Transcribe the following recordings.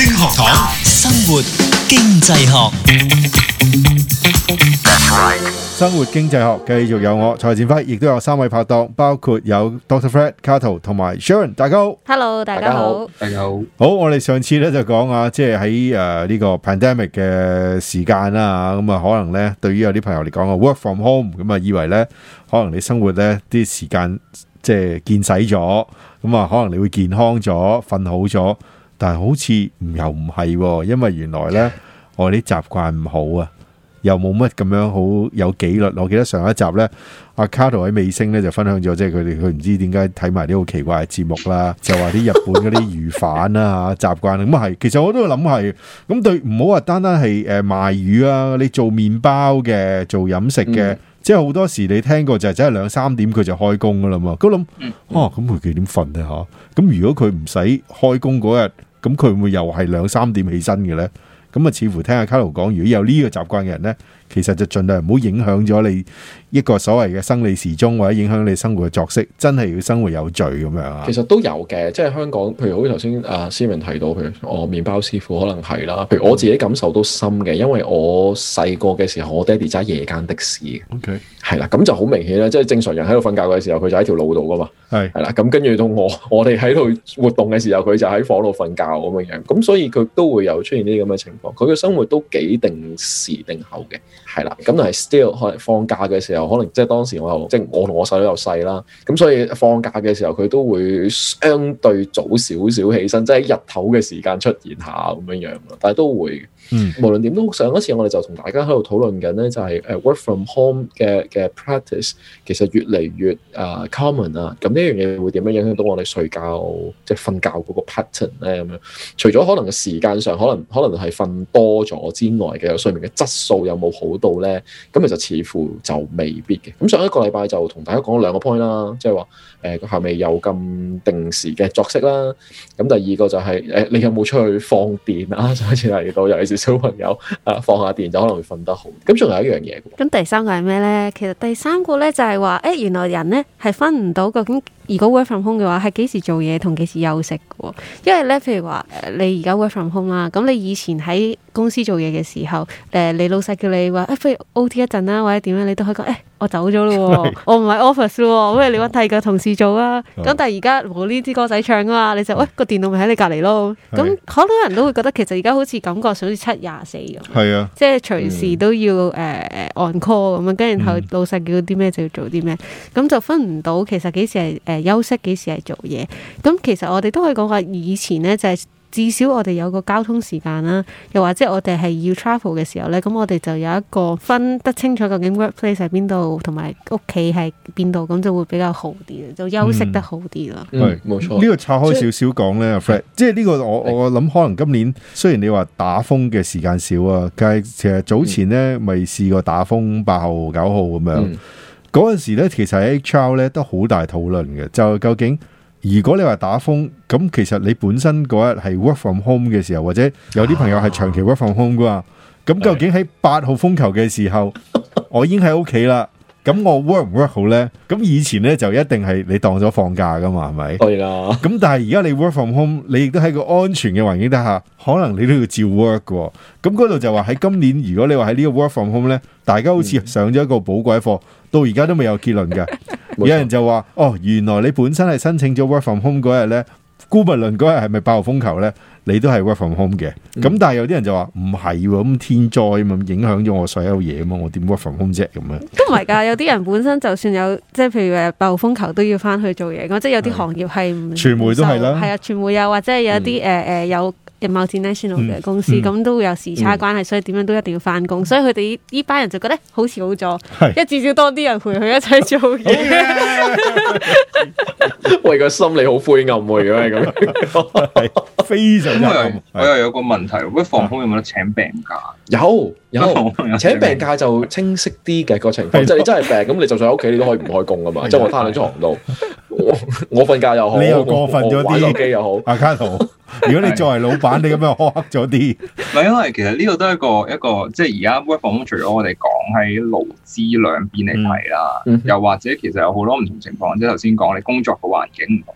學生活經濟學，生活經濟學繼續有我，蔡展輝亦都有三位拍檔，包括有 Doctor Fred Cattle 同埋 Sharon，大家好，Hello，大家好，大家好，好，我哋上次咧就講啊，即係喺誒呢個 Pandemic 嘅時間啦，咁、嗯、啊可能咧對於有啲朋友嚟講啊 Work from home，咁、嗯、啊以為咧可能你生活咧啲時間即係健使咗，咁、嗯、啊可能你會健康咗，瞓好咗。但係好似又唔係，哦，因為原來咧我啲習慣唔好啊，又冇乜咁樣好有紀律。我記得上一集咧，阿卡托喺美星咧就分享咗，即係佢哋佢唔知點解睇埋啲好奇怪嘅節目啦，就話啲日本嗰啲魚販啊、嚇習慣，咁啊係。其實我都諗係咁對，唔好話單單係誒賣魚啊，你做麵包嘅、做飲食嘅，嗯、即係好多時你聽過就真係兩三點佢就開工噶啦嘛。佢諗，哦咁佢幾點瞓咧嚇？咁如果佢唔使開工嗰日。咁佢會唔會又係兩三點起身嘅呢？咁啊，似乎聽阿卡路講，如果有呢個習慣嘅人呢。其實就盡量唔好影響咗你一個所謂嘅生理時鐘，或者影響你生活嘅作息。真係要生活有序咁樣啊！其實都有嘅，即係香港，譬如好似頭先阿思文提到，譬如我麵包師傅可能係啦，譬如我自己感受都深嘅，因為我細個嘅時候，我爹哋揸夜間的士。O K，係啦，咁就好明顯啦，即係正常人喺度瞓覺嘅時候，佢就喺條路度噶嘛。係係啦，咁跟住到我我哋喺度活動嘅時候，佢就喺房度瞓覺咁樣，咁所以佢都會有出現呢啲咁嘅情況。佢嘅生活都幾定時定候嘅。係啦，咁但係 still 可能放假嘅時候，可能即係當時我，我又即係我同我細佬又細啦，咁所以放假嘅時候佢都會相對早少少起身，即係喺日頭嘅時間出現下咁樣樣，但係都會。嗯，無論點都好，上一次我哋就同大家喺度討論緊咧、就是，就係誒 work from home 嘅嘅 practice 其實越嚟越誒、uh, common 啊，咁呢樣嘢會點樣影響到我哋睡覺即係瞓覺嗰個 pattern 咧咁樣？除咗可能時間上可能可能係瞓多咗之外嘅，睡眠嘅質素有冇好到咧？咁其實似乎就未必嘅。咁上一個禮拜就同大家講咗兩個 point 啦，即係話誒係咪有咁定時嘅作息啦，咁第二個就係、是、誒、呃、你有冇出去放電啊？上次嚟到有小朋友誒放下電就可能會瞓得好，咁仲有一樣嘢。咁第三個係咩咧？其實第三個咧就係話，誒、欸、原來人咧係分唔到究竟，如果 work from home 嘅話係幾時做嘢同幾時休息嘅喎。因為咧，譬如話你而家 work from home 啦，咁你以前喺公司做嘢嘅時候，誒、呃、你老細叫你話誒、欸、不如 OT 一陣啦，或者點樣，你都可以講誒。欸我走咗咯是，我唔喺 office 咯，咁你揾替嘅同事做啊。咁好但係而家冇呢啲歌仔唱啊，嘛，你就喂個電腦咪喺你隔籬咯。咁好是多人都會覺得，其實而家好似感覺上好似七廿四咁。係啊，即係隨時都要誒誒、uh, on call 咁啊，跟然後老細叫啲咩就要做啲咩，咁、嗯、就分唔到其實幾時係誒休息，幾時係做嘢。咁其實我哋都可以講下以前咧，就係、是。至少我哋有個交通時間啦，又或者我哋係要 travel 嘅時候呢。咁我哋就有一個分得清楚究竟 workplace 喺邊度，同埋屋企喺邊度，咁就會比較好啲，就休息得好啲咯。係冇錯，呢個拆開少少講呢，Fred，即係呢個我我諗可能今年雖然你話打風嘅時間少啊，但係其實早前呢未試過打風八號九號咁樣，嗰陣時呢其實喺 HR 呢都好大討論嘅，就究竟。如果你話打風，咁其實你本身嗰日係 work from home 嘅時候，或者有啲朋友係長期 work from home 噶嘛，咁究竟喺八號風球嘅時候，我已經喺屋企啦。咁我 work 唔 work 好咧？咁以前咧就一定係你當咗放假噶嘛，係咪？係啦。咁但係而家你 work from home，你亦都喺個安全嘅環境底下，可能你都要照 work 嘅喎。咁嗰度就話喺今年，如果你話喺呢個 work from home 咧，大家好似上咗一個寶貴課，到而家都未有結論嘅。 有人就話：哦，原來你本身係申請咗 work from home 嗰日咧。姑勿論嗰日係咪爆風球咧？你都係 work from home 嘅，咁、嗯、但係有啲人就話唔係喎，咁天災咁影響咗我所有嘢嘛，我點 work from home 啫咁樣？都唔係噶，有啲人本身就算有，即係譬如誒爆風球都要翻去做嘢，咁 即係有啲行業係唔傳媒都係啦，係啊，傳媒又或者係有啲誒誒有。日茂 international 嘅公司，咁都會有時差關係，所以點樣都一定要翻工，所以佢哋呢班人就覺得好似好咗，一至少多啲人陪佢一齊做嘢。我而個心理好灰暗喎，如果係咁樣，非常之暗。我又有個問題，咩放空有冇得請病假？有，有。請病假就清晰啲嘅個情況，即係你真係病咁，你就算喺屋企，你都可以唔開工噶嘛，即係我翻去咗床度。 我瞓覺又好，你又過分咗啲，玩手機又好，阿卡好。如果你作為老板， 你咁樣苛刻咗啲，唔係因為其實呢個都係一個一個，即係而家 work from home 除咗我哋講喺勞資兩邊嚟睇啦，嗯、又或者其實有好多唔同情況， 即係頭先講你工作嘅環境唔同。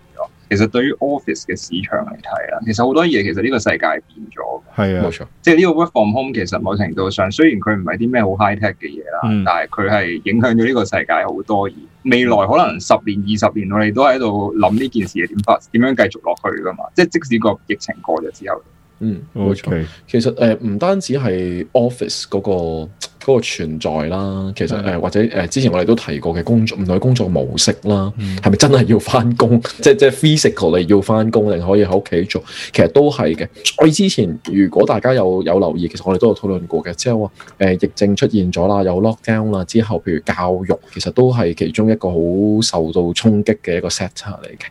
其實對於 office 嘅市場嚟睇啦，其實好多嘢其實呢個世界變咗，係啊的，冇錯錯。即係呢個 work from home，其實某程度上雖然佢唔係啲咩好 high tech 嘅嘢啦，嗯、但係佢係影響咗呢個世界好多嘢，而未來可能十年、二十年，我哋都喺度諗呢件事係點發，點樣繼續落去噶嘛？即係即使個疫情過咗之後，嗯，冇錯錯。okay. 其實誒，唔單止係 office 嗰個。嗰個存在啦，其實誒的或者誒之前我哋都提過嘅工作唔同嘅工作模式啦，係咪、嗯、真係要翻工？的即即 physical 嚟要翻工定可以喺屋企做？其實都係嘅。所以之前，如果大家有有留意，其實我哋都有討論過嘅，即係話誒疫症出現咗啦，有 lockdown 啦之後，譬如教育，其實都係其中一個好受到衝擊嘅一個 sector 嚟嘅。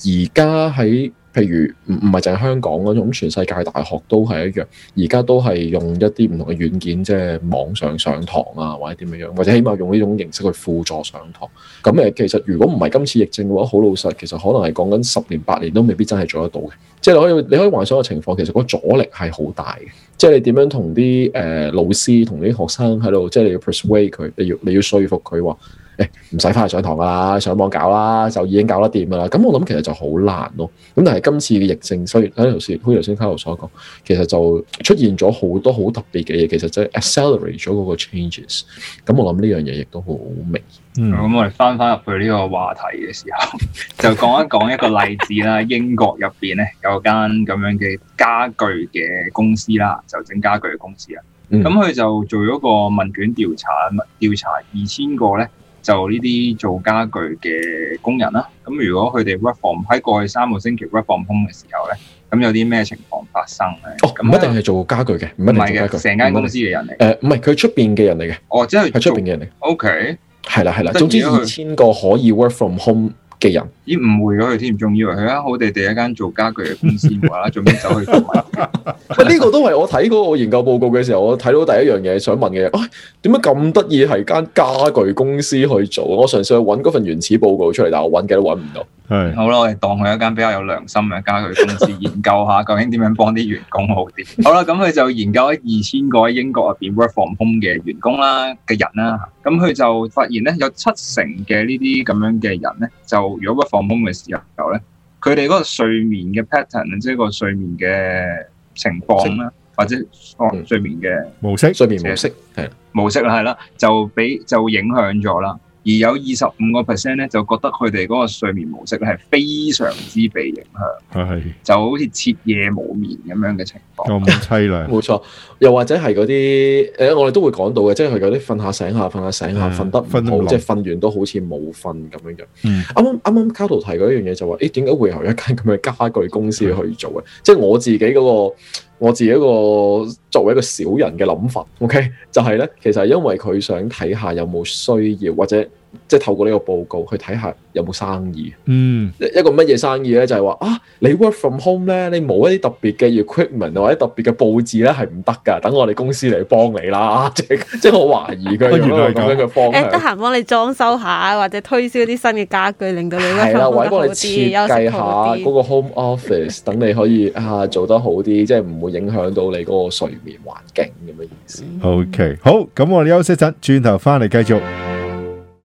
而家喺譬如唔唔係淨係香港嗰種，全世界大學都係一樣，而家都係用一啲唔同嘅軟件，即係網上上堂啊，或者點樣，或者起碼用呢種形式去輔助上堂。咁、嗯、誒，其實如果唔係今次疫症嘅話，好老實，其實可能係講緊十年八年都未必真係做得到嘅。即係你可以你可以幻想個情況，其實個阻力係好大嘅。即係你點樣同啲誒老師同啲學生喺度，即係你要 persuade 佢，你要你要說服佢話。唔使翻去上堂噶啦，上網搞啦，就已經搞得掂噶啦。咁我諗其實就好難咯、啊。咁但係今次嘅疫症，所以喺頭先，喺頭先開頭所講，其實就出現咗好多好特別嘅嘢，其實即係 accelerate 咗嗰個 changes。咁我諗呢樣嘢亦都好明。嗯，咁、嗯、我哋翻翻入去呢個話題嘅時候，就講一講一個例子啦。 英國入邊咧有間咁樣嘅家具嘅公司啦，就整家具嘅公司啊。咁佢、嗯、就做咗個問卷調查，調查二千個咧。就呢啲做傢俱嘅工人啦、啊，咁如果佢哋 work from 喺過去三個星期 work from home 嘅時候咧，咁有啲咩情況發生咧？哦，唔一定係做傢俱嘅，唔一定做傢俱，成間公司嘅人嚟。誒，唔係佢出邊嘅人嚟嘅。哦，即係佢出邊嘅人嚟。O K，係啦，係啦，總之二千個可以 work from home 嘅人，咦、哦，誤會咗佢添，仲以為佢係好地地一間做傢俱嘅公司，無啦啦做咩走去做埋。 呢個都係我睇嗰個研究報告嘅時候，我睇到第一樣嘢想問嘅嘢，點解咁得意係間傢具公司去做？我嘗試去搵嗰份原始報告出嚟，但我搵嘅都搵唔到。係是好啦，我哋當佢一間比較有良心嘅傢具公司，研究下 究竟點樣幫啲員工好啲。好啦，咁佢就研究喺二千個喺英國入邊 work from home 嘅員工啦、啊、嘅人啦、啊，咁佢就發現咧有七成嘅呢啲咁樣嘅人咧，就如果 work from home 嘅時候咧，佢哋嗰個睡眠嘅 pattern，即係個睡眠嘅。情況啦，或者睡眠嘅模式，睡眠、就係、模式係模式啦，係啦，就俾就影響咗啦。而有二十五個 percent 咧，就覺得佢哋嗰個睡眠模式咧係非常之被影響，係的就好似徹夜冇眠咁樣嘅情況，咁淒涼。冇 錯，又或者係嗰啲誒，我哋都會講到嘅，即係佢有啲瞓下醒下，瞓下醒下，瞓得唔好，了嗯、即係瞓完都好似冇瞓咁樣嘅。啱啱啱啱，Kato 提過一樣嘢就話：，誒點解會有一間咁嘅傢俱公司去做嘅？即係的我自己嗰、那個，我自己一、那個作為一個小人嘅諗法。OK，就係咧，其實係因為佢想睇下有冇需要，或者。即係透過呢個報告去睇下有冇生意，一、嗯、一個乜嘢生意咧，就係、是、話啊，你 work from home 咧，你冇一啲特別嘅 equipment 或者特別嘅布置咧係唔得噶，等我哋公司嚟幫你啦。 即即係我懷疑佢原來係咁樣嘅方向。誒，得閒幫你裝修下，或者推銷啲新嘅家具，令到你 work from home 得好啲。係啦、啊、或者幫你設計下嗰個 home office，等 你可以啊做得好啲，即係唔會影響到你嗰個睡眠環境咁嘅意思。OK，好，咁我哋休息陣，轉頭翻嚟繼續。